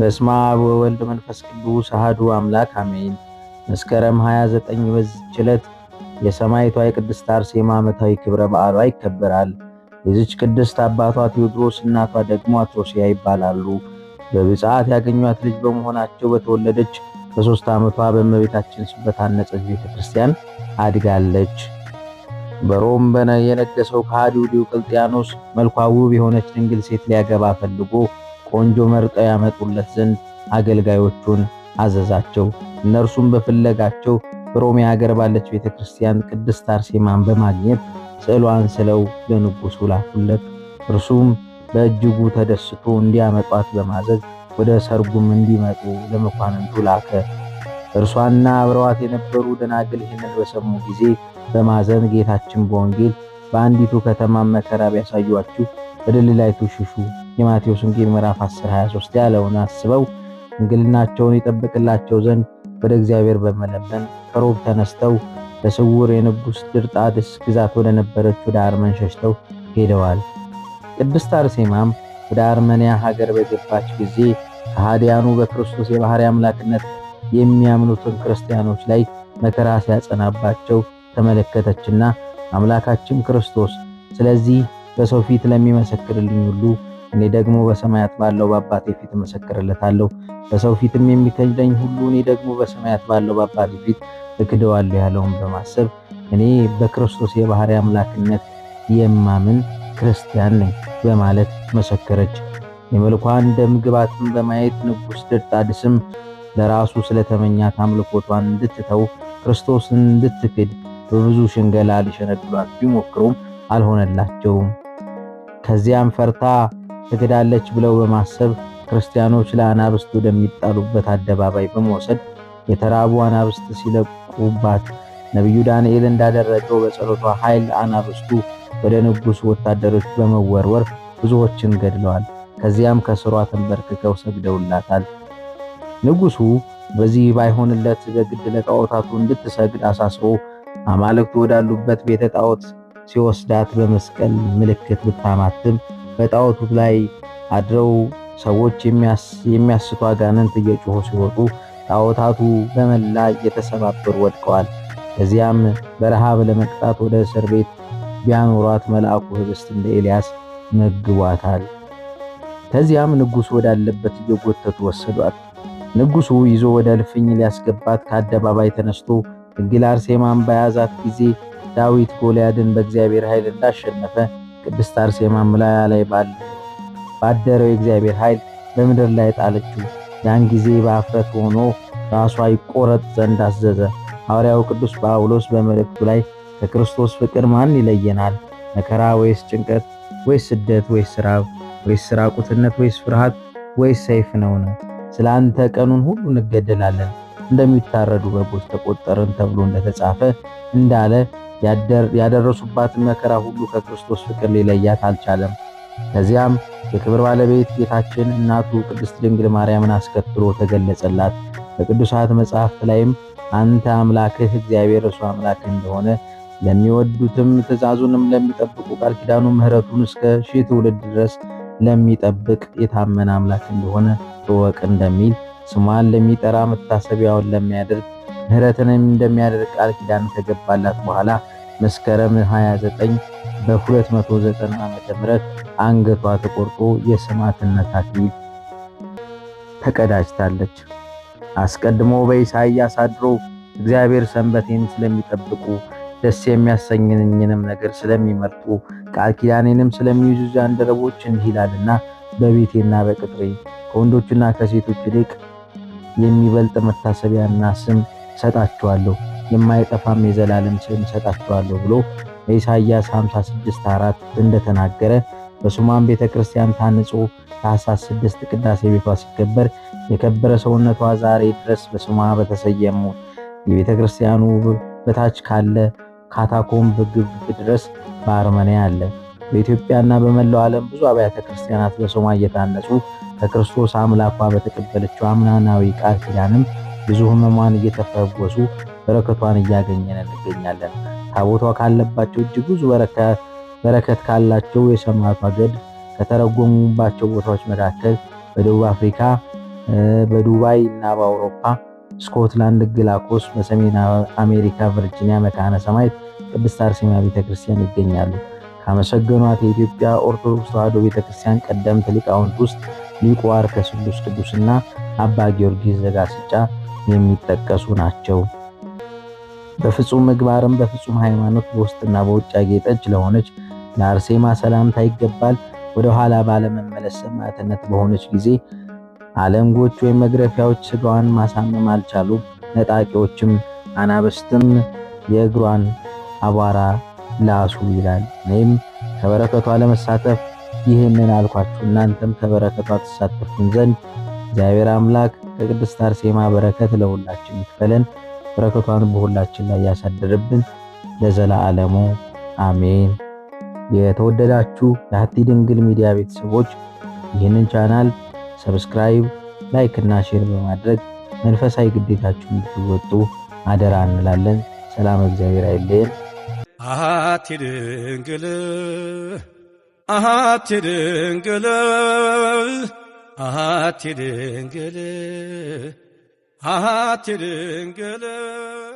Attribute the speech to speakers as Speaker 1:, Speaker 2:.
Speaker 1: በስመ አብ ወወልድ መንፈስ ቅዱስ አሐዱ አምላክ አሜን። መስከረም 29 በዚች ዕለት የሰማዕቷ የቅድስት አርሴማ ዓመታዊ ክብረ በዓሏ ይከበራል። የዚች ቅድስት አባቷ ቴዎድሮስ እናቷ ደግሞ አትሮሲያ ይባላሉ። በብፅዓት ያገኟት ልጅ በመሆናቸው በተወለደች በሶስት ዓመቷ በእመቤታችን በታነጸች ቤተ ክርስቲያን አድጋለች። በሮም በነ የነገሰው ከሃዲው ዲዮቅልጥያኖስ መልኳ ውብ የሆነች ድንግል ሴት ሊያገባ ፈልጎ ቆንጆ መርጠው ያመጡለት ዘንድ አገልጋዮቹን አዘዛቸው። እነርሱም በፍለጋቸው በሮሜ ሀገር ባለች ቤተ ክርስቲያን ቅድስት አርሴማን በማግኘት ስዕሏን ስለው ለንጉሱ ላኩለት። እርሱም በእጅጉ ተደስቶ እንዲያመጧት በማዘዝ ወደ ሰርጉም እንዲመጡ ለመኳንንቱ ላከ። እርሷና አብረዋት የነበሩ ደናግል ይህንን በሰሙ ጊዜ በማዘን ጌታችን በወንጌል በአንዲቱ ከተማ መከራ ቢያሳዩአችሁ ወደ ሌላይቱ ሽሹ የማቴዎስ ወንጌል ምዕራፍ 10 23 ያለውን አስበው ድንግልናቸውን ይጠብቅላቸው ዘንድ ወደ እግዚአብሔር በመለመን ከሮብ ተነስተው በስውር የንጉሥ ድርጣድስ ግዛት ወደ ነበረች ወደ አርመን ሸሽተው ሄደዋል። ቅድስት አርሴማም ወደ አርመንያ ሀገር በገባች ጊዜ ከሃዲያኑ በክርስቶስ የባሕርይ አምላክነት የሚያምኑትን ክርስቲያኖች ላይ መከራ ሲያጸናባቸው ተመለከተችና አምላካችን ክርስቶስ ስለዚህ በሰው ፊት ለሚመሰክርልኝ ሁሉ እኔ ደግሞ በሰማያት ባለው በአባቴ ፊት እመሰክርለታለሁ። በሰው ፊትም የሚከደኝ ሁሉ እኔ ደግሞ በሰማያት ባለው በአባቴ ፊት እክደዋለሁ ያለውን በማሰብ እኔ በክርስቶስ የባህሪ አምላክነት የማምን ክርስቲያን ነኝ በማለት መሰከረች። የመልኳን ደም ግባትን በማየት ንጉሥ ድርጣድስም ለራሱ ስለተመኛት አምልኮቷን እንድትተው ክርስቶስን እንድትክድ በብዙ ሽንገላ ሊሸነግሏት ቢሞክሩም አልሆነላቸውም። ከዚያም ፈርታ ትክዳለች ብለው በማሰብ ክርስቲያኖች ለአናብስት ወደሚጣሉበት አደባባይ በመውሰድ የተራቡ አናብስት ሲለቁባት ነቢዩ ዳንኤል እንዳደረገው በጸሎቷ ኃይል አናብስቱ ወደ ንጉሥ ወታደሮች በመወርወር ብዙዎችን ገድለዋል። ከዚያም ከስሯ ተንበርክከው ሰግደውላታል። ንጉሡ በዚህ ባይሆንለት በግድ ለጣዖታቱ እንድትሰግድ አሳስቦ አማልክቱ ወዳሉበት ቤተ ጣዖት ሲወስዳት በመስቀል ምልክት ብታማትም በጣዖቱ ላይ አድረው ሰዎች የሚያስቱ አጋንንት እየጮሁ ሲወጡ ጣዖታቱ በመላ እየተሰባበሩ ወድቀዋል። ከዚያም በረሃብ ለመቅጣት ወደ እስር ቤት ቢያኖሯት መልአኩ ህብስት እንደ ኤልያስ መግቧታል። ከዚያም ንጉሱ ወዳለበት እየጎተቱ ወሰዷት። ንጉሱ ይዞ ወደ እልፍኝ ሊያስገባት ከአደባባይ ተነስቶ ድንግል አርሴማን በያዛት ጊዜ ዳዊት ጎልያድን በእግዚአብሔር ኃይል እንዳሸነፈ ቅድስት አርሴማም ላያ ላይ ባደረው የእግዚአብሔር ኃይል በምድር ላይ ጣለችው። ያን ጊዜ በአፍረት ሆኖ ራሷ ይቆረጥ ዘንድ አዘዘ። ሐዋርያው ቅዱስ ጳውሎስ በመልእክቱ ላይ ከክርስቶስ ፍቅር ማን ይለየናል? መከራ ወይስ ጭንቀት ወይስ ስደት ወይስ ራብ ወይስ ራቁትነት ወይስ ፍርሃት ወይስ ሰይፍ ነውን? ስለ አንተ ቀኑን ሁሉ እንገደላለን እንደሚታረዱ በጎች ተቆጠርን ተብሎ እንደተጻፈ እንዳለ ያደረሱባት መከራ ሁሉ ከክርስቶስ ፍቅር ሊለያት አልቻለም። ከዚያም የክብር ባለቤት ጌታችን እናቱ ቅድስት ድንግል ማርያምን አስከትሎ ተገለጸላት። በቅዱሳት መጽሐፍት ላይም አንተ አምላክህ እግዚአብሔር እሱ አምላክ እንደሆነ ለሚወዱትም ትእዛዙንም ለሚጠብቁ ቃል ኪዳኑ ምሕረቱን እስከ ሺህ ትውልድ ድረስ ለሚጠብቅ የታመነ አምላክ እንደሆነ እወቅ እንደሚል ስሟን ለሚጠራ መታሰቢያውን ለሚያደርግ ምሕረትንም እንደሚያደርግ ቃል ኪዳን ከገባላት በኋላ መስከረም 29 በ290 ዓመተ ምህረት አንገቷ ተቆርጦ የሰማዕትነት አክሊል ተቀዳጅታለች። አስቀድሞ በኢሳይያስ አድሮ እግዚአብሔር ሰንበቴን ስለሚጠብቁ ደስ የሚያሰኝንኝንም ነገር ስለሚመርጡ ቃል ኪዳኔንም ስለሚይዙ ጃንደረቦች እንዲህ ይላልና በቤቴና በቅጥሬ ከወንዶችና ከሴቶች ይልቅ የሚበልጥ መታሰቢያና ስም ሰጣችኋለሁ፣ የማይጠፋም የዘላለም ስም ሰጣችኋለሁ ብሎ በኢሳይያስ 56 4 እንደተናገረ በሱማን ቤተ ክርስቲያን ታንጾ ታኅሳስ 6 ቅዳሴ ቤቷ ሲከበር የከበረ ሰውነቷ ዛሬ ድረስ በስሟ በተሰየሙ የቤተ ክርስቲያኑ በታች ካለ ካታኮምብ ግብ ድረስ በአርመንያ አለ። በኢትዮጵያና በመላው ዓለም ብዙ አብያተ ክርስቲያናት በሶማ እየታነጹ ከክርስቶስ አምላኳ በተቀበለችው አምናናዊ ቃል ኪዳንም ብዙ ሕመሟን እየተፈወሱ በረከቷን እያገኘን እንገኛለን። ታቦቷ ካለባቸው እጅግ ብዙ በረከት ካላቸው የሰማዕቷ ገድል ከተረጎሙባቸው ቦታዎች መካከል በደቡብ አፍሪካ፣ በዱባይ እና በአውሮፓ ስኮትላንድ ግላኮስ፣ በሰሜን አሜሪካ ቨርጂኒያ መካነ ሰማዕት ቅድስት አርሴማ ቤተክርስቲያን ይገኛሉ። ካመሰገኗት የኢትዮጵያ ኦርቶዶክስ ተዋሕዶ ቤተክርስቲያን ቀደምት ሊቃውንት ውስጥ ሊቁ አርከ ስሉስ ቅዱስና አባ ጊዮርጊስ ዘጋስጫ የሚጠቀሱ ናቸው። በፍጹም ምግባርም በፍጹም ሃይማኖት በውስጥና በውጭ ያጌጠች ለሆነች ለአርሴማ ሰላምታ ይገባል። ወደ ኋላ ባለመመለስ ሰማዕትነት በሆነች ጊዜ አለንጎች ወይም መግረፊያዎች ስጋዋን ማሳመም አልቻሉ። ነጣቂዎችም አናበስትም የእግሯን አቧራ ላሱ ይላል። ይም ከበረከቷ ለመሳተፍ ይህንን አልኳችሁ እናንተም ከበረከቷ ተሳተፉን ዘንድ እግዚአብሔር አምላክ ከቅድስት አርሴማ በረከት ለሁላችን ይክፈለን። በረከቷን በሁላችን ላይ ያሳድርብን ለዘላለሙ አሜን። የተወደዳችሁ የሀቲ ድንግል ሚዲያ ቤተሰቦች ይህንን ቻናል ሰብስክራይብ፣ ላይክ እና ሼር በማድረግ መንፈሳዊ ግዴታችሁን እንድትወጡ አደራ እንላለን። ሰላም እግዚአብሔር አይለየን። አቲ ድንግል Aha tirin gülü, aha tirin gülü, aha tirin gülü.